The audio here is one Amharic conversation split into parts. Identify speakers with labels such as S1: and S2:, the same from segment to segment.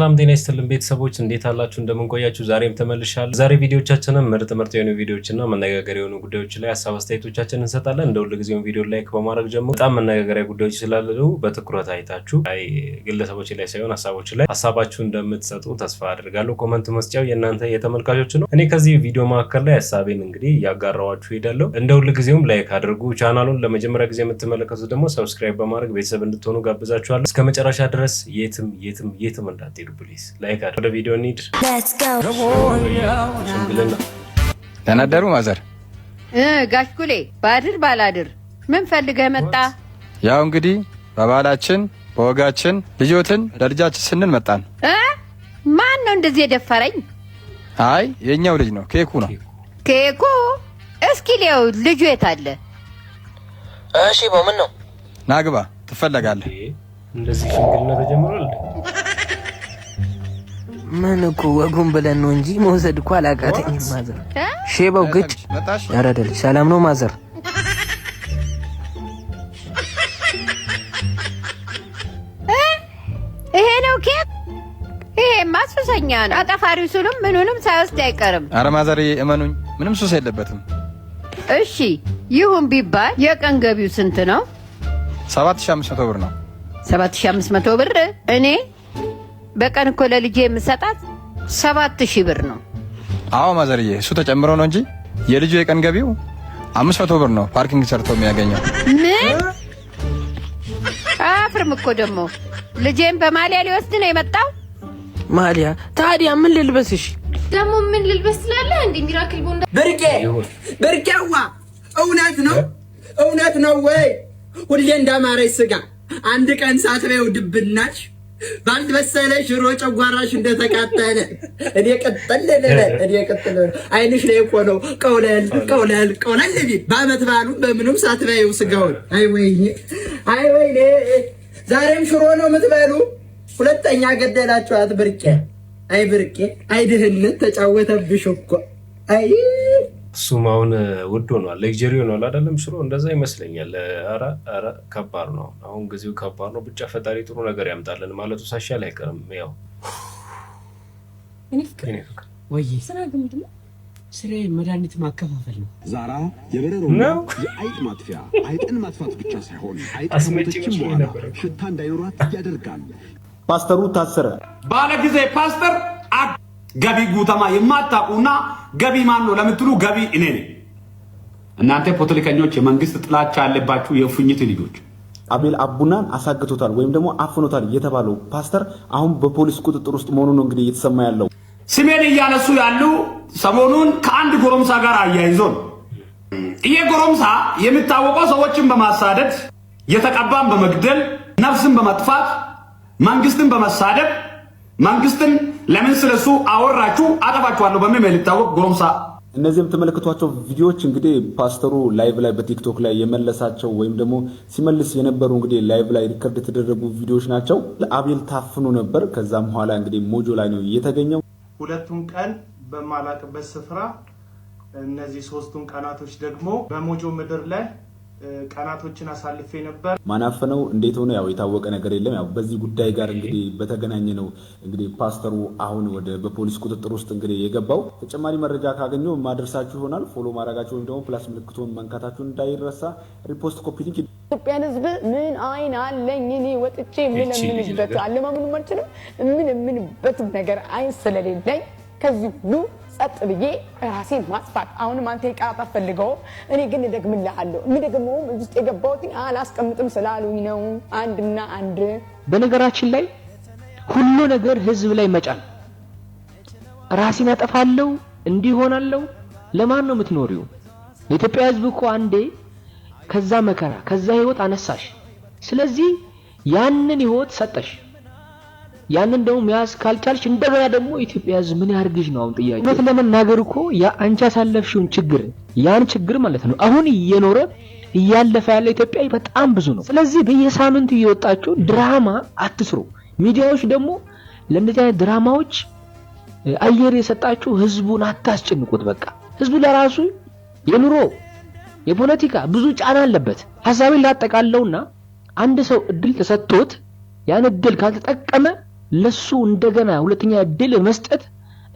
S1: ሰላም ጤና ይስጥልን ቤተሰቦች እንዴት አላችሁ? እንደምንቆያችሁ ዛሬም ተመልሻለሁ። ዛሬ ቪዲዮቻችንን ምርጥ ምርጥ የሆኑ ቪዲዮዎችና መነጋገር የሆኑ ጉዳዮች ላይ ሀሳብ አስተያየቶቻችን እንሰጣለን። እንደ ሁል ጊዜውን ቪዲዮ ላይክ በማድረግ ጀምሮ በጣም መነጋገሪያ ጉዳዮች ስላሉ በትኩረት አይታችሁ ግለሰቦች ላይ ሳይሆን ሀሳቦች ላይ ሀሳባችሁ እንደምትሰጡ ተስፋ አድርጋለሁ። ኮመንት መስጫው የእናንተ የተመልካቾች ነው። እኔ ከዚህ ቪዲዮ መካከል ላይ ሀሳቤን እንግዲህ ያጋራዋችሁ ሄዳለሁ። እንደ ሁል ጊዜውም ላይክ አድርጉ። ቻናሉን ለመጀመሪያ ጊዜ የምትመለከቱት ደግሞ ሰብስክራይብ በማድረግ ቤተሰብ እንድትሆኑ ጋብዛችኋለሁ። እስከ መጨረሻ ድረስ የትም የትም የትም እንዳትሄዱ አድርግ ፕሊዝ፣ ላይክ አድርግ። ወደ ቪዲዮ እንሂድ። ሽምግልና ተናደሩ ማዘር
S2: ጋሽኩሌ ባድር ባላድር ምን ፈልገህ መጣ?
S1: ያው እንግዲህ በባህላችን በወጋችን ልጆትን ለልጃችን ስንል መጣን።
S2: ማን ነው እንደዚህ የደፈረኝ?
S1: አይ የእኛው ልጅ ነው፣ ኬኩ ነው።
S2: ኬኩ እስኪ ሊያው ልጁ የት አለ? እሺ፣ በምን ነው
S1: ናግባ ትፈለጋለህ። እንደዚህ ሽምግልና ተጀምሯል።
S3: ምን እኮ ወጉን ብለን ነው እንጂ መውሰድ እኮ አላቃተኝም። ማዘር ሼበው ግጭ ያረደልሽ ሰላም ነው ማዘር።
S2: ይሄ ነው ኬክ። ይሄ ማሱሰኛ ነው። አጠፋሪው ስሉም ምኑንም ሳይወስድ አይቀርም።
S1: አረ ማዘር እመኑኝ፣ ምንም ሱስ የለበትም።
S2: እሺ ይሁን ቢባል የቀን ገቢው ስንት ነው?
S1: 7500 ብር ነው።
S2: 7500 ብር እኔ በቀን እኮ ለልጄ የምሰጣት ሰባት ሺህ ብር ነው።
S1: አዎ ማዘርዬ፣ እሱ ተጨምሮ ነው እንጂ የልጁ የቀን ገቢው አምስት መቶ ብር ነው ፓርኪንግ ሰርቶ የሚያገኘው።
S2: ምን አፍርም እኮ ደግሞ ልጄን በማሊያ ሊወስድ ነው የመጣው።
S3: ማሊያ ታዲያ ምን ልልበስ? እሺ
S2: ደግሞ ምን ልልበስ ስላለህ እንዴ? ሚራክል ቦንዳ
S4: ብርቄ ብርቄዋ፣ እውነት ነው እውነት ነው ወይ? ሁሌ እንዳማረች ስጋ አንድ ቀን ሳትበይው ድብናች በአንድ መሰለ ሽሮ ጨጓራሽ እንደተቃጠለ እኔ ቀጠለለ እኔ ቀጠለ አይንሽ ላይ እኮ ነው ቀውለል ቀውለል ቀውለል ቢል በአመት በዓሉ በምንም ሳትበይው ስጋውን አይ ወይኔ አይ ወይኔ ዛሬም ሽሮ ነው የምትበሉ። ሁለተኛ ገደላችኋት ብርቄ። አይ ብርቄ፣ አይ ድህነት ተጫወተብሽ እኮ አይ
S1: እሱም አሁን ውድ ሆኗል፣ ሌግጀሪ ሆኗል። አይደለም ሽሮ እንደዛ ይመስለኛል። ኧረ ኧረ ከባድ ነው። አሁን ጊዜው ከባድ ነው። ብቻ ፈጣሪ ጥሩ ነገር ያምጣልን ማለቱ ሳይሻል አይቀርም። ያው
S2: ስራ ግን መድኃኒት ማከፋፈል ነው። ዛራ የበረሮ የአይጥ ማጥፊያ አይጥን ማጥፋት ብቻ
S1: ሳይሆን አይጥ በኋላ ሽታ እንዳይኖራት ያደርጋል። ፓስተሩ ታሰረ
S4: ባለ ጊዜ ፓስተር ገቢ ጉተማ የማታውቁና ገቢ ማን ነው ለምትሉ ገቢ እኔ ነኝ።
S1: እናንተ ፖለቲከኞች፣ የመንግስት ጥላቻ ያለባችሁ የእፉኝት ልጆች አቤል አቡናን አሳግቶታል ወይም ደግሞ አፍኖታል የተባለው ፓስተር አሁን በፖሊስ ቁጥጥር ውስጥ መሆኑ ነው እንግዲህ እየተሰማ ያለው።
S4: ስሜን እያነሱ ያሉ ሰሞኑን ከአንድ ጎረምሳ ጋር አያይዞ ነው። ይሄ ጎረምሳ የሚታወቀው ሰዎችን በማሳደድ የተቀባን በመግደል ነፍስን በመጥፋት መንግስትን በመሳደብ መንግስትን ለምን ስለሱ አወራችሁ አጠፋችኋለሁ በሚል ሊታወቅ ጎረምሳ
S1: እነዚህ የምትመለከቷቸው ቪዲዮዎች እንግዲህ ፓስተሩ ላይቭ ላይ በቲክቶክ ላይ የመለሳቸው ወይም ደግሞ ሲመልስ የነበሩ እንግዲህ ላይቭ ላይ ሪከርድ የተደረጉ ቪዲዮዎች ናቸው። አቤል ታፍኖ ነበር። ከዛም በኋላ እንግዲህ ሞጆ ላይ ነው እየተገኘው።
S4: ሁለቱን ቀን በማላቅበት ስፍራ እነዚህ ሶስቱን ቀናቶች ደግሞ በሞጆ ምድር ላይ ቀናቶችን አሳልፌ ነበር።
S1: ማናፈ ነው እንዴት ሆነ? ያው የታወቀ ነገር የለም። ያው በዚህ ጉዳይ ጋር እንግዲህ በተገናኘ ነው እንግዲህ ፓስተሩ አሁን ወደ በፖሊስ ቁጥጥር ውስጥ እንግዲህ የገባው። ተጨማሪ መረጃ ካገኘው ማድረሳችሁ ይሆናል። ፎሎ ማድረጋችሁ ወይም ደግሞ ፕላስ ምልክቱን መንካታችሁን እንዳይረሳ። ሪፖስት ሊንክ።
S2: ኢትዮጵያን ህዝብ ምን አይን አለኝ እኔ ወጥቼ ምን የምንበት አለማምንም አልችልም። ምን ምንበት ነገር አይን ስለሌለኝ ከዚህ ሁሉ ጸጥ ብዬ ራሴን ማጥፋት። አሁንም አንተ የቃጣ ፈልገው እኔ ግን እደግምልሃለሁ። የምደግመውም እዚህ ውስጥ የገባሁት አላስቀምጥም ስላሉኝ ነው። አንድና አንድ።
S3: በነገራችን ላይ ሁሉ ነገር ህዝብ ላይ መጫን፣ ራሴን አጠፋለሁ እንዲህ ሆናለሁ። ለማን ነው የምትኖሪው? የኢትዮጵያ ህዝብ እኮ አንዴ ከዛ መከራ ከዛ ህይወት አነሳሽ፣ ስለዚህ ያንን ህይወት ሰጠሽ። ያንን ደግሞ መያዝ ካልቻልሽ እንደገና ደግሞ ኢትዮጵያ ሕዝብ ምን ያርግሽ ነው አሁን ጥያቄ። እውነት ለመናገር እኮ ያ አንቺ ያሳለፍሽውን ችግር ያን ችግር ማለት ነው አሁን እየኖረ እያለፈ ያለ ኢትዮጵያ በጣም ብዙ ነው። ስለዚህ በየሳምንቱ እየወጣችሁ ድራማ አትስሩ። ሚዲያዎች ደግሞ ለእንደዚህ አይነት ድራማዎች አየር የሰጣችሁ ህዝቡን አታስጨንቁት። በቃ ህዝቡ ለራሱ የኑሮ የፖለቲካ ብዙ ጫና አለበት። ሀሳቤን ላጠቃለውና አንድ ሰው እድል ተሰጥቶት ያን እድል ካልተጠቀመ ለሱ እንደገና ሁለተኛ እድል መስጠት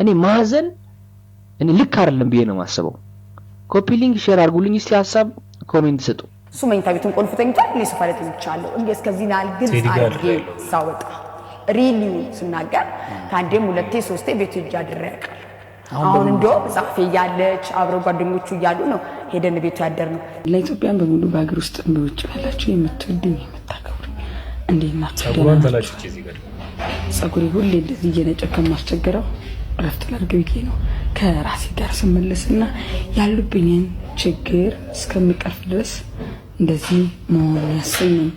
S3: እኔ ማዘን እኔ ልክ አይደለም ብዬ ነው የማስበው። ኮፒ ሊንክ ሼር አድርጉልኝ እስቲ ሀሳብ ኮሜንት ስጡ።
S2: እሱ መኝታ ቤቱን ቆልፍ ተኝቷል። እኔ ሶፋ ላይ ተኝቻለሁ። እንዲ እስከዚህ ናል ግልጽ አድርጌ ሳወጣ ሪሊዩ ስናገር ከአንዴም ሁለቴ ሶስቴ ቤቱ እጅ አድሬ ያውቃል። አሁን እንዲያው ጻፌ እያለች አብረው ጓደኞቹ እያሉ ነው ሄደን ቤቱ ያደር ነው።
S3: ለኢትዮጵያን በሙሉ በሀገር ውስጥ በውጭ ያላችሁ የምትወዱ የምታከብሩ እንዴት ናቸው? ጸጉሬ ሁሌ እንደዚህ እየነጨ ከማስቸገረው እረፍት ላድርግ ብዬ ነው ከራሴ ጋር ስመለስና ያሉብኝን ችግር እስከሚቀርፍ ድረስ እንደዚህ መሆን ያሰኝም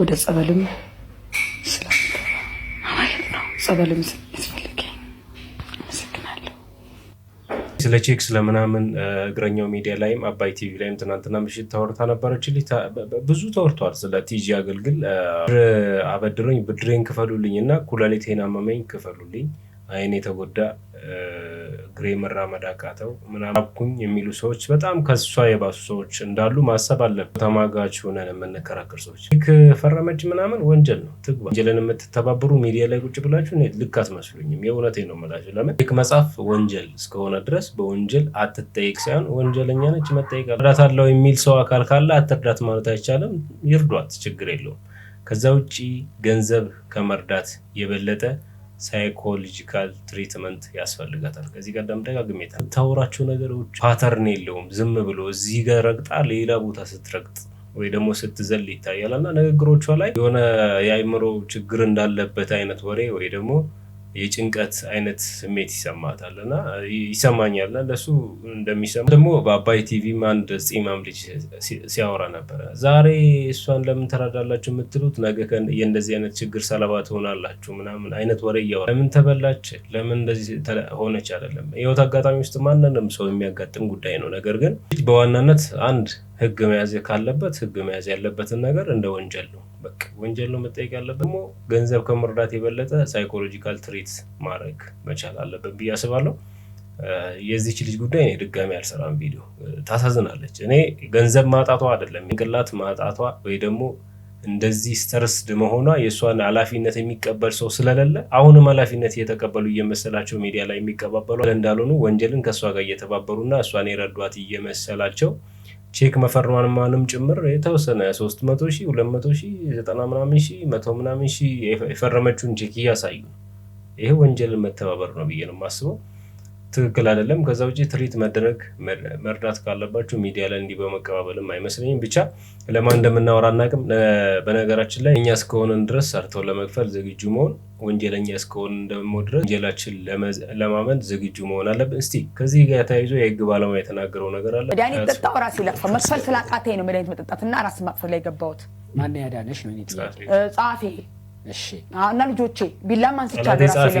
S3: ወደ ጸበልም ስለምገባ ነው ጸበልም
S1: ስለ ቼክ ስለምናምን እግረኛው ሚዲያ ላይም አባይ ቲቪ ላይም ትናንትና ምሽት ታወርታ ነበረች። ብዙ ተወርቷል። ስለ ቲጂ አገልግል አበድሮኝ ብድሬን ክፈሉልኝ እና ኩላሊቴን አመመኝ ክፈሉልኝ፣ አይኔ ተጎዳ ግሬ መራመድ አቃተው ምናምን የሚሉ ሰዎች በጣም ከሷ የባሱ ሰዎች እንዳሉ ማሰብ አለብን። ተማጋች ሆነን የምንከራከር ሰዎች ልክ ፈረመች ምናምን ወንጀል ነው ትግባ። ወንጀልን የምትተባበሩ ሚዲያ ላይ ቁጭ ብላችሁ ልክ አትመስሉኝም። የእውነቴ ነው የምላችሁ። ለምን ልክ መጽሐፍ ወንጀል እስከሆነ ድረስ በወንጀል አትጠይቅ ሳይሆን ወንጀለኛ ነች መጠየቅ እርዳት አለው የሚል ሰው አካል ካለ አትርዳት ማለት አይቻልም። ይርዷት፣ ችግር የለውም። ከዛ ውጭ ገንዘብ ከመርዳት የበለጠ ሳይኮሎጂካል ትሪትመንት ያስፈልጋታል። ከዚህ ቀደም ደጋግሜ ታወራቸው ነገሮች ፓተርን የለውም። ዝም ብሎ እዚህ ጋር ረግጣ ሌላ ቦታ ስትረግጥ ወይ ደግሞ ስትዘል ይታያል እና ንግግሮቿ ላይ የሆነ የአይምሮ ችግር እንዳለበት አይነት ወሬ ወይ ደግሞ የጭንቀት አይነት ስሜት ይሰማታል እና ይሰማኛል። ለሱ እንደሚሰማ ደግሞ በአባይ ቲቪም አንድ ጺማም ልጅ ሲያወራ ነበረ። ዛሬ እሷን ለምን ተራዳላችሁ የምትሉት ነገ የእንደዚህ አይነት ችግር ሰለባ ትሆናላችሁ ምናምን አይነት ወሬ እያወራ ለምን ተበላች፣ ለምን እንደዚህ ሆነች አይደለም። ህይወት አጋጣሚ ውስጥ ማንንም ሰው የሚያጋጥም ጉዳይ ነው። ነገር ግን በዋናነት አንድ ህግ መያዝ ካለበት ህግ መያዝ ያለበትን ነገር እንደ ወንጀል ነው። በቃ ወንጀል ነው መጠየቅ ያለበት። ደግሞ ገንዘብ ከመርዳት የበለጠ ሳይኮሎጂካል ትሪት ማድረግ መቻል አለበት ብዬ አስባለሁ። የዚች ልጅ ጉዳይ እኔ ድጋሚ አልሰራም ቪዲዮ። ታሳዝናለች። እኔ ገንዘብ ማጣቷ አይደለም ጭንቅላት ማጣቷ ወይ ደግሞ እንደዚህ ስተርስድ መሆኗ የእሷን ኃላፊነት የሚቀበል ሰው ስለሌለ አሁንም ኃላፊነት እየተቀበሉ እየመሰላቸው ሚዲያ ላይ የሚቀባበሉ እንዳልሆኑ ወንጀልን ከእሷ ጋር እየተባበሩና እሷን የረዷት እየመሰላቸው ቼክ ማንም ጭምር የተወሰነ ሶስት መቶ ሺህ ሁለት መቶ ዘጠና ምናምን መቶ ምናምን የፈረመችውን ቼክ እያሳዩ ይሄ ወንጀልን መተባበር ነው ብዬ ነው የማስበው። ትክክል አይደለም። ከዛ ውጭ ትሪት መደረግ መርዳት ካለባቸው ሚዲያ ላይ እንዲህ በመቀባበልም አይመስለኝም። ብቻ ለማን እንደምናወራ አናውቅም። በነገራችን ላይ እኛ እስከሆንን ድረስ ሰርተው ለመክፈል ዝግጁ መሆን፣ ወንጀለኛ እስከሆንን ደግሞ ድረስ ወንጀላችን ለማመን ዝግጁ መሆን አለብን። እስቲ ከዚህ ጋር ተያይዞ የህግ ባለሙያ የተናገረው ነገር አለ።
S2: መድኃኒት ጠጣሁ ራሴ ላቅፈው መክፈል ስላቃተኝ ነው መድኃኒት መጠጣትና ራስ ማቅፈል ላይ ገባሁት።
S3: ማነው ያዳነሽ ነው
S2: እና ልጆቼ ቢላ አንስቻለሁ ራሴ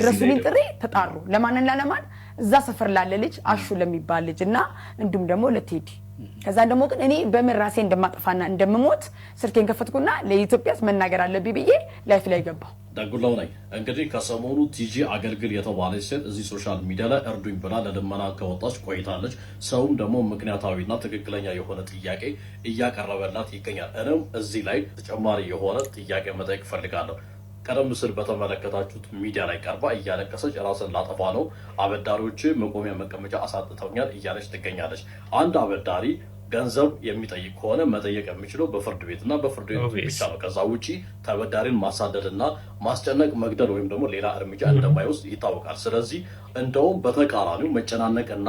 S2: ድረሱልኝ ጥሪ ተጣሩ። ለማንና ለማን? እዛ ሰፈር ላለ ልጅ አሹ ለሚባል ልጅ እና እንዲሁም ደግሞ ለቴዲ ከዛን ደግሞ ግን እኔ በምን ራሴ እንደማጠፋና እንደምሞት ስልኬን ከፈትኩና ለኢትዮጵያስ መናገር አለብኝ ብዬ ላይፍ ላይ ገባሁ።
S1: ደጉላው ነኝ። እንግዲህ ከሰሞኑ ቲጂ አገልግል የተባለች ሴት እዚህ ሶሻል ሚዲያ ላይ እርዱኝ ብላ ለልመና ከወጣች ቆይታለች። ሰውም ደግሞ ምክንያታዊና ትክክለኛ የሆነ ጥያቄ እያቀረበላት ይገኛል። እኔም እዚህ ላይ ተጨማሪ የሆነ ጥያቄ መጠየቅ እፈልጋለሁ። ቀደም ሲል በተመለከታችሁት ሚዲያ ላይ ቀርባ እያለቀሰች ራስን ላጠፋ ነው አበዳሪዎች መቆሚያ መቀመጫ አሳጥተውኛል እያለች ትገኛለች። አንድ አበዳሪ ገንዘብ የሚጠይቅ ከሆነ መጠየቅ የሚችለው በፍርድ ቤት እና በፍርድ ቤት ብቻ ነው። ከዛ ውጭ ተበዳሪን ማሳደድ እና ማስጨነቅ፣ መግደል ወይም ደግሞ ሌላ እርምጃ እንደማይወስድ ይታወቃል። ስለዚህ እንደውም በተቃራኒው መጨናነቅ እና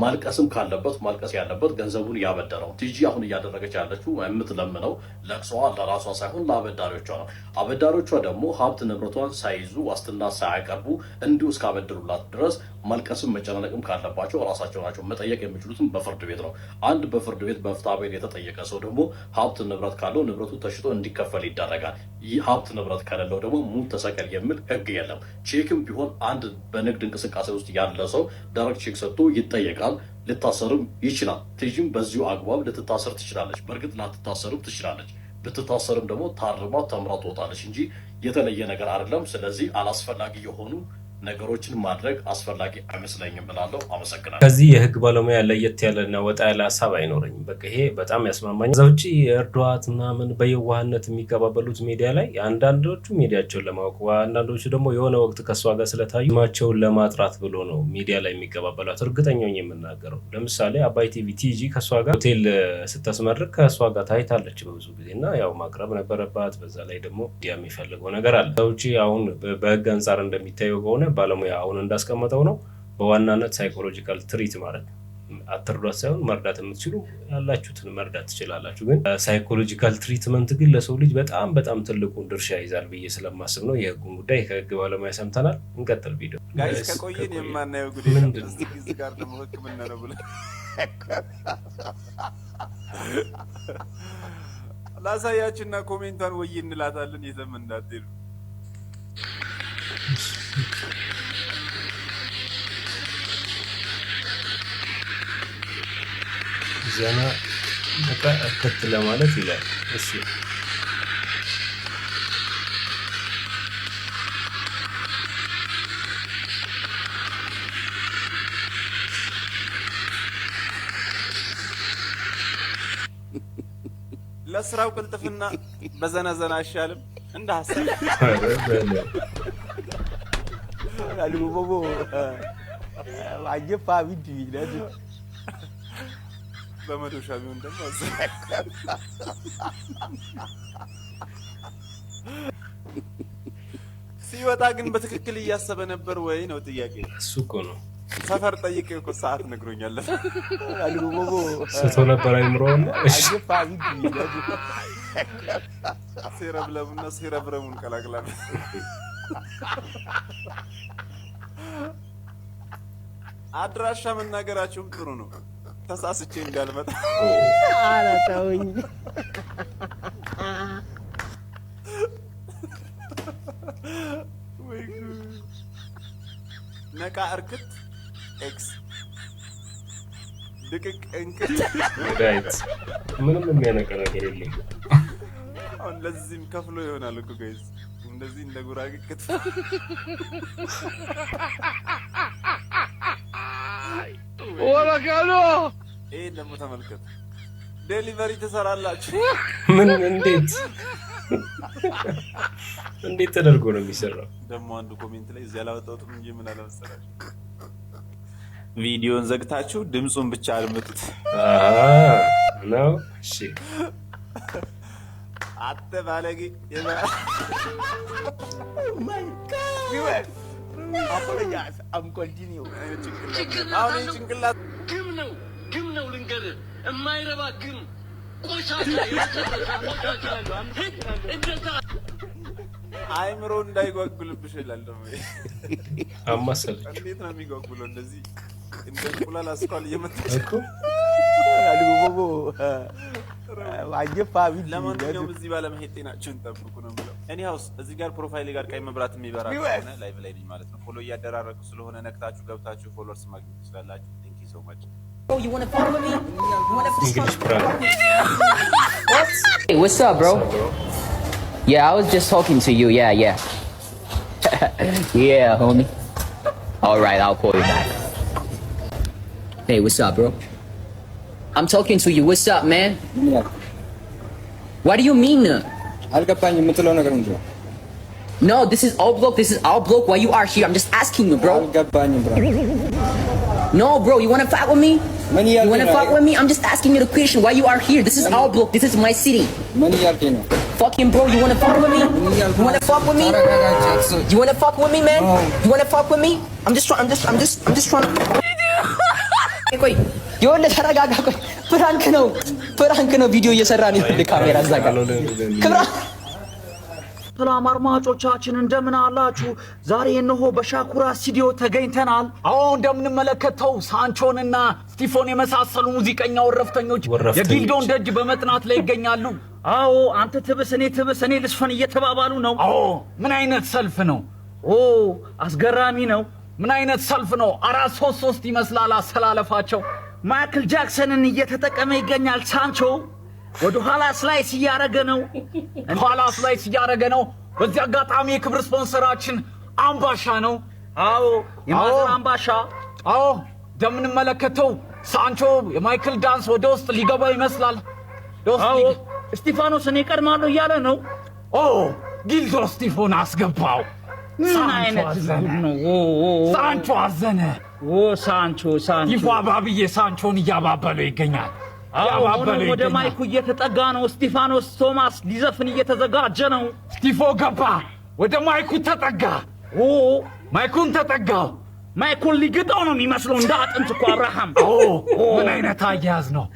S1: ማልቀስም ካለበት ማልቀስ ያለበት ገንዘቡን ያበደረው። ቲጂ አሁን እያደረገች ያለችው የምትለምነው ለቅሷ ለራሷ ሳይሆን ለአበዳሪዎቿ ነው። አበዳሪዎቿ ደግሞ ሀብት ንብረቷን ሳይዙ ዋስትና ሳያቀርቡ እንዲሁ እስካበድሩላት ድረስ መልቀስም መጨናነቅም ካለባቸው ራሳቸው ናቸው መጠየቅ የሚችሉትም በፍርድ ቤት ነው። አንድ በፍርድ ቤት በፍትሐ የተጠየቀ ሰው ደግሞ ሀብት ንብረት ካለው ንብረቱ ተሽጦ እንዲከፈል ይደረጋል። ይህ ሀብት ንብረት ከሌለው ደግሞ ሙት ተሰቀል የሚል ህግ የለም። ቼክም ቢሆን አንድ በንግድ እንቅስቃሴ ውስጥ ያለ ሰው ደረቅ ቼክ ሰጥቶ ይጠየቃል። ልታሰርም ይችላል። ትዥም በዚሁ አግባብ ልትታሰር ትችላለች። በእርግጥ ላትታሰርም ትችላለች። ብትታሰርም ደግሞ ታርማ ተምራ ትወጣለች እንጂ የተለየ ነገር አይደለም። ስለዚህ አላስፈላጊ የሆኑ ነገሮችን ማድረግ አስፈላጊ አይመስለኝም ብላለሁ። አመሰግናለሁ።
S3: ከዚህ የህግ ባለሙያ ለየት ያለና ወጣ ያለ ሀሳብ አይኖረኝም። በቃ ይሄ በጣም ያስማማኝ። እዛ ውጭ እርዷት ምናምን በየዋህነት የሚቀባበሉት ሚዲያ ላይ አንዳንዶቹ ሚዲያቸውን ለማወቅ አንዳንዶቹ ደግሞ የሆነ ወቅት ከእሷ ጋር ስለታዩ ስማቸውን ለማጥራት ብሎ ነው ሚዲያ ላይ የሚቀባበሏት። እርግጠኛ ነኝ የምናገረው። ለምሳሌ አባይ ቲቪ ቲጂ ከእሷ ጋር ሆቴል ስታስመርቅ ከእሷ ጋር ታይታለች በብዙ ጊዜ እና ያው ማቅረብ ነበረባት። በዛ ላይ ደግሞ ሚዲያ የሚፈልገው ነገር አለ። እዛ ውጭ አሁን በህግ አንጻር እንደሚታየው ከሆነ ባለሙያ አሁን እንዳስቀመጠው ነው በዋናነት ሳይኮሎጂካል ትሪት ማለት ነው። አትርዷት ሳይሆን መርዳት የምትችሉ ያላችሁትን መርዳት ትችላላችሁ። ግን ሳይኮሎጂካል ትሪትመንት ግን ለሰው ልጅ በጣም በጣም ትልቁን ድርሻ ይዛል ብዬ ስለማስብ ነው። የህጉን ጉዳይ ከህግ ባለሙያ ሰምተናል። እንቀጥል። ቪዲዮ
S1: ጋይስ የማናየው ጉዳይ ጋር ደግሞ ህክምና ነው ኮሜንቷን ወይ እንላታለን የትም እንዳትሄዱ زينا هكا قد لا مالتي لا اسي لا سرا وكنت فينا بزنا زنا الشالم عندها سرا قالوا بابو عجب فاهم دي لازم በመዶሻ ቢሆን ደግሞ ሲወጣ ግን በትክክል እያሰበ ነበር ወይ ነው ጥያቄ። እሱ እኮ ነው ሰፈር ጠይቄ እኮ ሰዓት ነግሮኛል።
S3: ስቶ ነበር አይምሮና
S1: ሲረብለምና ሲረብረሙን ቀላቅላል። አድራሻ መናገራችሁም ጥሩ ነው። ተሳስቼ እንዳልመጣ ኧረ ተውኝ። ነቃ እርክት ኤክስ ድቅቅ እንክት
S3: ምንም የሚያነቃ ነገር
S1: አሁን ለዚህም ከፍሎ ይሆናል እኮ ጋይዝ እንደዚህ እንደ ጉራጌ ወላካሎ ይሄን ደግሞ ተመልከቱ። ዴሊቨሪ ትሰራላችሁ?
S3: ምን እንዴት እንዴት ተደርጎ ነው የሚሰራው?
S1: ደግሞ አንዱ ኮሜንት ላይ እዚህ አላወጣሁትም እንጂ ምን አለ ቪዲዮን ዘግታችሁ ድምፁን ብቻ አድምጡት
S3: ነው። እሺ
S1: አተ ባለጌ oh ጭንቅላት ግም ነው ግም ነው ልንገርህ፣ የማይረባ ግም ቆሻሻ። አይምሮ እንዳይጓጉልብሽ እላለሁ። አማሰለች እንዴት ነው የሚጓጉለው? እንደዚህ እንደ እንቁላል አስኳል እየመጣች ለማንኛውም እዚህ ባለመሄድ ጤናችሁን ጠብቁ ነው እኒው እዚህ ጋር ፕሮፋይል ጋር ቀይ መብራት የሚበራ ከሆነ ላይቭ ላይ ነኝ ማለት ነው። ፎሎ እያደራረኩ ስለሆነ ነክታችሁ ገብታችሁ ፎሎወርስ ማግኘት ትችላላችሁ። ቴንክ ዩ ሶ ማች።
S5: What's up, bro? Yeah, I was just talking to you. Yeah, yeah. yeah, homie. All right, I'll call you back. Hey, what's up, bro? I'm talking to you. What's up, man? Yeah. What do you mean? Uh? No, this is our block. This is our block. Why you are here? I'm just asking you, bro. No, bro. You want to fight with me? You want to fight with me? I'm just asking you the question. Why you are here? This is our block. This is my city. Fucking bro, you want to fuck with me? You want to fuck with me? You want to fuck with me, man? You want to fuck with me? I'm just trying. I'm just. I'm just. I'm just trying. ቆይ የወለ ተረጋጋ። ቆይ ፕራንክ ነው። ፍራንክ ነው ቪዲዮ እየሰራ ነው። ካሜራ እዛ ጋር ክብራ
S4: ሰላም አድማጮቻችን እንደምን አላችሁ? ዛሬ እነሆ በሻኩራ ስቱዲዮ ተገኝተናል። አዎ እንደምንመለከተው ሳንቾንና ስቲፎን የመሳሰሉ ሙዚቀኛ ወረፍተኞች የጊልዶን ደጅ በመጥናት ላይ ይገኛሉ። አዎ አንተ ትብስ፣ እኔ ትብስ፣ እኔ ልስፈን እየተባባሉ ነው። አዎ ምን አይነት ሰልፍ ነው! ኦ አስገራሚ ነው። ምን አይነት ሰልፍ ነው! አራት ሶስት ሶስት ይመስላል አሰላለፋቸው። ማይክል ጃክሰንን እየተጠቀመ ይገኛል። ሳንቾ ወደ ኋላ ስላይስ እያረገ ነው፣ ኋላ ስላይስ እያረገ ነው። በዚህ አጋጣሚ የክብር ስፖንሰራችን አምባሻ ነው። አዎ የማዘር አምባሻ። አዎ እንደምንመለከተው ሳንቾ የማይክል ዳንስ ወደ ውስጥ ሊገባ ይመስላል። እስጢፋኖስ እኔ እቀድማለሁ እያለ ነው። ኦ ጊልዶ እስጢፎን አስገባው። ምን አይነት ነው! ሳንቾ አዘነ ሳንቾ ሳንቾ ይፏባብዬ ሳንቾን እያባበለው ይገኛል። አሁንም ወደ ማይኩ እየተጠጋ ነው። ስቲፋኖስ ቶማስ ሊዘፍን እየተዘጋጀ ነው። ስቲፎ ገባ፣ ወደ ማይኩ ተጠጋ። ኦ ማይኩን ተጠጋው። ማይኩን ሊግጠው ነው የሚመስለው እንደ አጥንት እኮ አብርሃም። ምን አይነት አያያዝ ነው!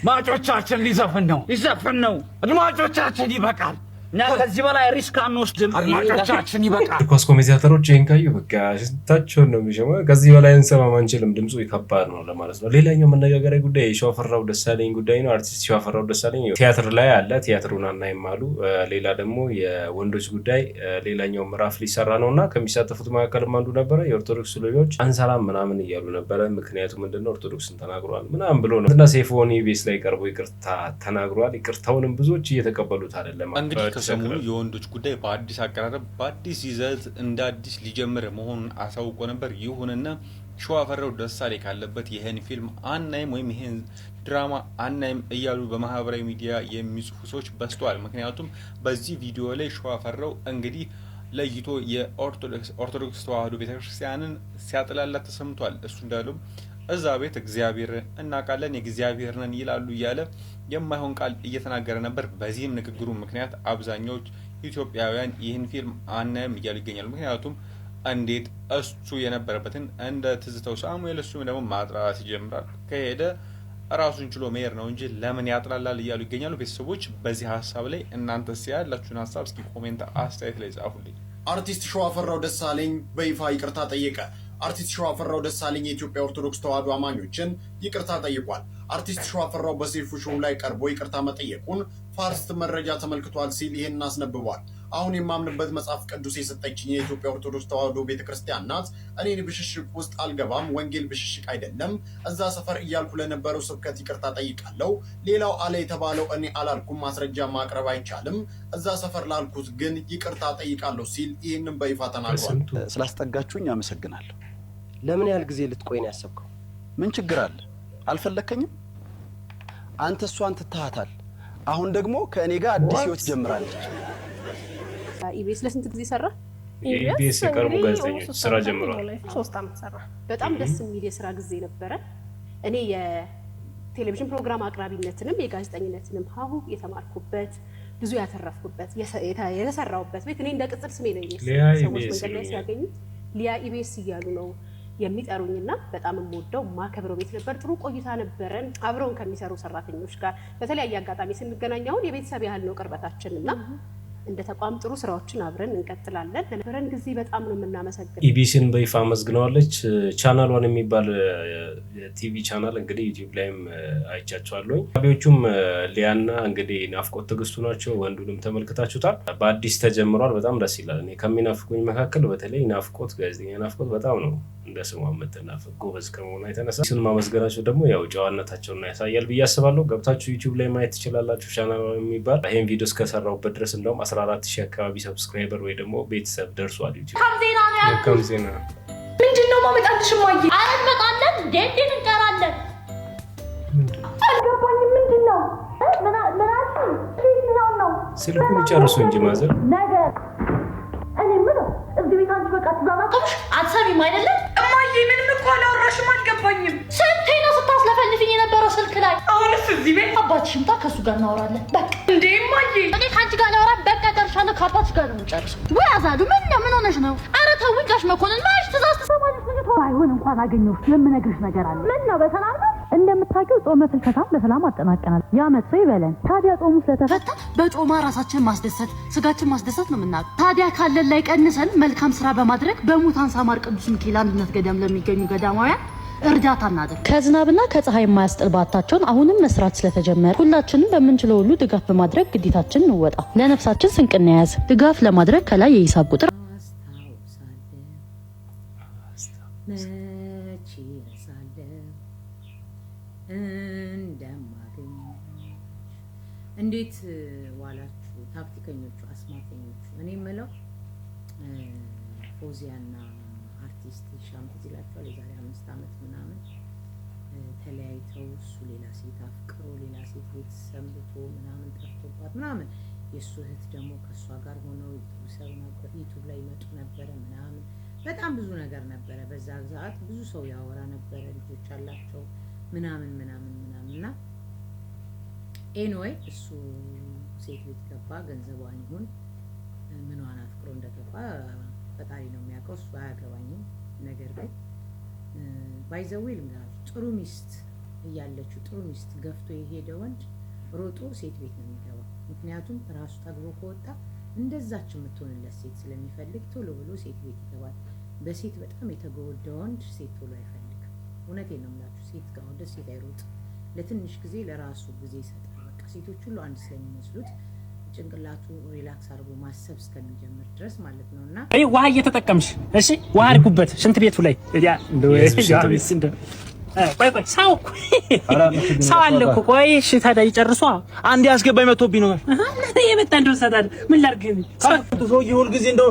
S4: አድማጮቻችን ሊዘፍን ነው፣ ሊዘፍን ነው። አድማጮቻችን ይበቃል። እና ከዚህ በላይ ሪስክ አንወስድም። አድማጮቻችን ይበቃል።
S1: ኳስ ኮሜዲያተሮች ይህን ካዩ በቃ ሽንታቸውን ነው የሚሸማ። ከዚህ በላይ እንሰማም አንችልም፣ ድምፁ ከባድ ነው ለማለት ነው። ሌላኛው መነጋገሪያ ጉዳይ የሸዋፈራው ደሳለኝ ጉዳይ ነው። አርቲስት ሸዋፈራው ደሳለኝ ቲያትር ላይ አለ፣ ቲያትሩን አናይም አሉ። ሌላ ደግሞ የወንዶች ጉዳይ ሌላኛው ምዕራፍ ሊሰራ ነው እና ከሚሳተፉት መካከልም አንዱ ነበረ። የኦርቶዶክስ ልጆች አንሰራም ምናምን እያሉ ነበረ። ምክንያቱ ምንድነው? ኦርቶዶክስን ተናግሯል ምናምን ብሎ ነው እና ሴፎኒ ቤስ ላይ ቀርቦ ይቅርታ ተናግሯል። ይቅርታውንም ብዙዎች እየተቀበሉት አይደለም ከሰሞኑ የወንዶች ጉዳይ በአዲስ አቀራረብ በአዲስ ይዘት እንደ አዲስ ሊጀምር መሆኑን አሳውቆ ነበር። ይሁንና ሸዋፈራው ደሳሌ ካለበት ይህን ፊልም አናይም ወይም ይህን ድራማ አናይም እያሉ በማህበራዊ ሚዲያ የሚጽፉ ሰዎች በስተዋል ምክንያቱም በዚህ ቪዲዮ ላይ ሸዋፈራው እንግዲህ ለይቶ የኦርቶዶክስ ተዋህዶ ቤተክርስቲያንን ሲያጥላላ ተሰምቷል። እሱ እንዳሉም እዛ ቤት እግዚአብሔር እናውቃለን የእግዚአብሔር ነን ይላሉ እያለ የማይሆን ቃል እየተናገረ ነበር። በዚህም ንግግሩ ምክንያት አብዛኞች ኢትዮጵያውያን ይህን ፊልም አናይም እያሉ ይገኛሉ። ምክንያቱም እንዴት እሱ የነበረበትን እንደ ትዝተው ሳሙኤል እሱም ደግሞ ማጥላላት ይጀምራል። ከሄደ ራሱን ችሎ መሄድ ነው እንጂ ለምን ያጥላላል እያሉ ይገኛሉ። ቤተሰቦች በዚህ ሀሳብ ላይ እናንተ ሲያላችሁን ሀሳብ እስኪ ኮሜንት አስተያየት ላይ ጻፉልኝ።
S4: አርቲስት ሸዋፈራው ደሳለኝ በይፋ ይቅርታ ጠየቀ። አርቲስት ሸዋፈራው ደሳለኝ የኢትዮጵያ ኦርቶዶክስ ተዋሕዶ አማኞችን ይቅርታ ጠይቋል። አርቲስት ሸዋፈራው በሰይፉ ሾው ላይ ቀርቦ ይቅርታ መጠየቁን ፋርስት መረጃ ተመልክቷል ሲል ይህን አስነብቧል። አሁን የማምንበት መጽሐፍ ቅዱስ የሰጠችኝ የኢትዮጵያ ኦርቶዶክስ ተዋሕዶ ቤተክርስቲያን ናት። እኔን ብሽሽቅ ውስጥ አልገባም። ወንጌል ብሽሽቅ አይደለም። እዛ ሰፈር እያልኩ ለነበረው ስብከት ይቅርታ ጠይቃለሁ። ሌላው አለ የተባለው እኔ አላልኩም። ማስረጃ ማቅረብ አይቻልም። እዛ ሰፈር ላልኩት ግን ይቅርታ ጠይቃለሁ ሲል ይህንም በይፋ ተናግሯል።
S1: ስላስጠጋችሁኝ አመሰግናለሁ። ለምን ያህል ጊዜ ልትቆይ ነው ያሰብከው? ምን ችግር አለ? አልፈለከኝም? አንተ እሷን ትታሃታል። አሁን ደግሞ ከእኔ ጋር አዲስ ህይወት ጀምራለች።
S2: ኢቢኤስ ለስንት ጊዜ ሰራ?
S1: ኢቢኤስ የቀድሞ ጋዜጠኞች ስራ ጀምሯል።
S2: ሶስት ዓመት ሰራ። በጣም ደስ የሚል የስራ ጊዜ ነበረ። እኔ የቴሌቪዥን ፕሮግራም አቅራቢነትንም የጋዜጠኝነትንም ሀሁ የተማርኩበት ብዙ ያተረፍኩበት የተሰራውበት ቤት እኔ እንደ ቅጽል ስሜ ነው
S1: ሰዎች መንገድ ላይ ሲያገኙት
S2: ሊያ ኢቢኤስ እያሉ ነው የሚጠሩኝና በጣም የምወደው ማከብረው ቤት ነበር። ጥሩ ቆይታ ነበረን አብረውን ከሚሰሩ ሰራተኞች ጋር በተለያየ አጋጣሚ ስንገናኝ አሁን የቤተሰብ ያህል ነው ቅርበታችን እና እንደ ተቋም ጥሩ ስራዎችን አብረን እንቀጥላለን። ለነበረን ጊዜ በጣም ነው የምናመሰግነው።
S1: ኢቢሲን በይፋ አመስግነዋለች። ዋን የሚባል ቲቪ ቻናል እንግዲህ ዩቲዩብ ላይም አይቻቸዋለኝ። ቢዎቹም ሊያና እንግዲህ ናፍቆት ትግስቱ ናቸው። ወንዱንም ተመልክታችሁታል። በአዲስ ተጀምሯል። በጣም ደስ ይላል። እኔ ከሚናፍቁኝ መካከል በተለይ ናፍቆት፣ ጋዜጠኛ ናፍቆት በጣም ነው እንደ ስሟ የምትናፍቅ ጎበዝ ከመሆኑ የተነሳ ስን ማመስገናቸው ደግሞ ያው ጨዋነታቸውን ያሳያል ብዬ አስባለሁ። ገብታችሁ ዩቲዩብ ላይ ማየት ትችላላችሁ። ቻናሏ የሚባል ይህን ቪዲዮ እስከሰራሁበት ድረስ እንደውም 14 ሺህ አካባቢ ሰብስክራይበር ወይ ደግሞ ቤተሰብ ደርሷል። ዩቲዩብ መልካም ዜና
S2: ምንድን ነው ማመጣልሽ? እማዬ አንመጣለን ዴዴ እንቀራለን። አልገባኝም። ምንድን ነው ምራሽ? የትኛውን ነው
S1: ስልኩን ጨርሱ እንጂ ማዘር ነገር
S2: እኔ ምነው እዚህ ቤት አንቺ በቃ ትጋባቀምሽ አትሰሚም አይደለም? እማዬ ምንም እኮ አላወራሽም። አልገባኝም። ስንቴ ነው ስታስለፈልፍኝ የነበረው ስልክ ላይ? አሁንስ እዚህ ቤት አባትሽ ምጣ፣ ከእሱ ጋር እናወራለን። በቃ እንዴ እማዬ እኔ ከአንቺ ጋር አላወራም መጨረሻ ነው ከአባትሽ ጋር ነው የምጨርሰው። ወይ አዛዱ ምን ነው ምን ሆነሽ ነው? አረ ተውኝ ጋሽ መኮንን ማሽ ትእዛዝ ትሰማለሽ። ምን ተው አይሆን እንኳን አገኘሁ የምነግርሽ ነገር አለ። ምን ነው በሰላም ነው? እንደምታውቂው ጾመ ፍልሰታም በሰላም አጠናቀናል። ያመት ሰው ይበለን። ታዲያ ጾሙ ስለተፈታ በጾማ ራሳችን ማስደሰት ስጋችን ማስደሰት ነው የምናውቀው። ታዲያ ካለን ላይ ቀንሰን መልካም ስራ በማድረግ በሙታን ሳማር ቅዱስ ሚካኤል አንድነት ገዳም ለሚገኙ ገዳማውያን እርዳታ እናድርግ። ከዝናብና ከፀሐይ የማያስጥል ባታቸውን አሁንም መስራት ስለተጀመረ ሁላችንም በምንችለው ሁሉ ድጋፍ በማድረግ ግዴታችን እንወጣ። ለነፍሳችን ስንቅ እንያዝ። ድጋፍ ለማድረግ ከላይ የሂሳብ ቁጥር እንዴት ዋላችሁ ታክቲከኞቹ፣ አስማተኞቹ እኔ የምለው ፎዚያና አርቲስት ሂሻም ትዝ ይላቸዋል። የዛሬ አምስት አመት ምናምን ተለያይተው እሱ ሌላ ሴት አፍቅሮ ሌላ ሴት ቤት ሰንብቶ ምናምን ጠፍቶባት ምናምን የእሱ እህት ደግሞ ከእሷ ጋር ሆነው ሰው ነበር ዩቱብ ላይ ይመጡ ነበረ ምናምን በጣም ብዙ ነገር ነበረ። በዛ ሰዓት ብዙ ሰው ያወራ ነበረ። ልጆች አላቸው ምናምን ምናምን ምናምን እና ኤንወይ እሱ ሴት ቤት ገባ። ገንዘቧን ይሁን ምኗን አፍቅሮ እንደገባ ፈጣሪ ነው የሚያውቀው፣ እሱ አያገባኝም። ነገር ግን ባይዘዌ ልንገራችሁ፣ ጥሩ ሚስት እያለችው ጥሩ ሚስት ገፍቶ የሄደ ወንድ ሮጦ ሴት ቤት ነው የሚገባው። ምክንያቱም ራሱ ጠግቦ ከወጣ እንደዛች የምትሆንለት ሴት ስለሚፈልግ ቶሎ ብሎ ሴት ቤት ይገባል። በሴት በጣም የተጎወደ ወንድ ሴት ቶሎ አይፈልግም። እውነቴን ነው የምላችሁ፣ ሴት ከወደ ሴት አይሮጥም። ለትንሽ ጊዜ ለራሱ ጊዜ ይሰጣል። በቃ ሴቶች ሁሉ አንድ ስለሚመስሉት ጭንቅላቱ ሪላክስ አድርጎ ማሰብ እስከሚጀምር ድረስ ማለት ነው። እና ውሃ እየተጠቀምሽ እሺ፣ ውሃ አድርጉበት ሽንት ቤቱ ላይ ሰው አለ እኮ። ቆይ እሺ፣ ታዲያ ይጨርሷ። አንድ ያስገባኝ መቶብኝ ነው። ምን ላድርግ
S1: ሰው ሁልጊዜ እንደው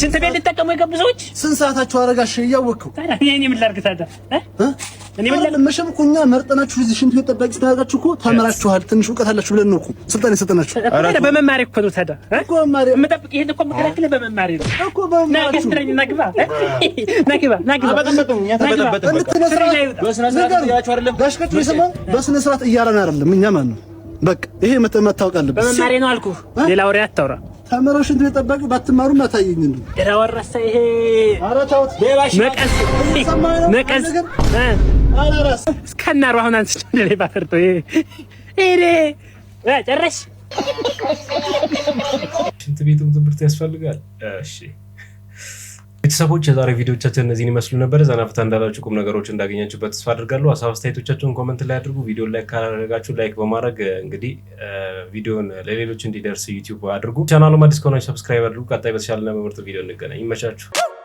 S2: ስንት ቤት ሊጠቀሙ የገቡ ሰዎች
S1: ስንት ሰዓታቸው አረጋሽ እያወቅኸው
S2: እኔ ምን ላድርግ ታዲያ
S1: እኔ ምን እኮ እኛ መርጠናችሁ እዚህ ሽንት ቤት ጠባቂ ስናደርጋችሁ እኮ ተምራችኋል፣ ትንሽ እውቀት አላችሁ ብለን ነው እኮ ስልጣን የሰጠናችሁ።
S2: በመማሪ እኮ ነው ታዲያ እኮ መማሪ ይሄን እኮ በመማሪ ነው እኮ በመማሪ
S1: ነው። በስነ ስርዓት እያራን አይደለም እኛ ማን ነው በቃ ይሄ መታወቅ አለበት።
S2: በመማሪ ነው አልኩህ። ሌላ ወሬ አታውራ
S1: ተመረሽ እንትን የጠበቅ ባትማሩ ማታየኝ እንዴ
S2: ደራ ወራሳ ይሄ ኧረ ተውት። መቀስ መቀስ አላራስ እስከናሩ አሁን አንስቼ እንደ ላይ ባፈርቶ ይሄ ይሄ ጨረሽ።
S1: ሽንት ቤቱም ትምህርት ያስፈልጋል። እሺ ቤተሰቦች የዛሬ ቪዲዮቻችን እነዚህን ይመስሉ ነበር። ዘናፍታ እንዳላችሁ ቁም ነገሮች እንዳገኛችሁበት ተስፋ አድርጋለሁ። ሀሳብ አስተያየቶቻችሁን ኮመንት ላይ አድርጉ። ቪዲዮ ላይ ካላደረጋችሁ ላይክ በማድረግ እንግዲህ ቪዲዮን ለሌሎች እንዲደርስ ዩቲዩብ አድርጉ። ቻናሉም አዲስ ከሆናችሁ ሰብስክራይብ አድርጉ። ቀጣይ በተሻለና በምርጥ ቪዲዮ እንገናኝ። ይመቻችሁ።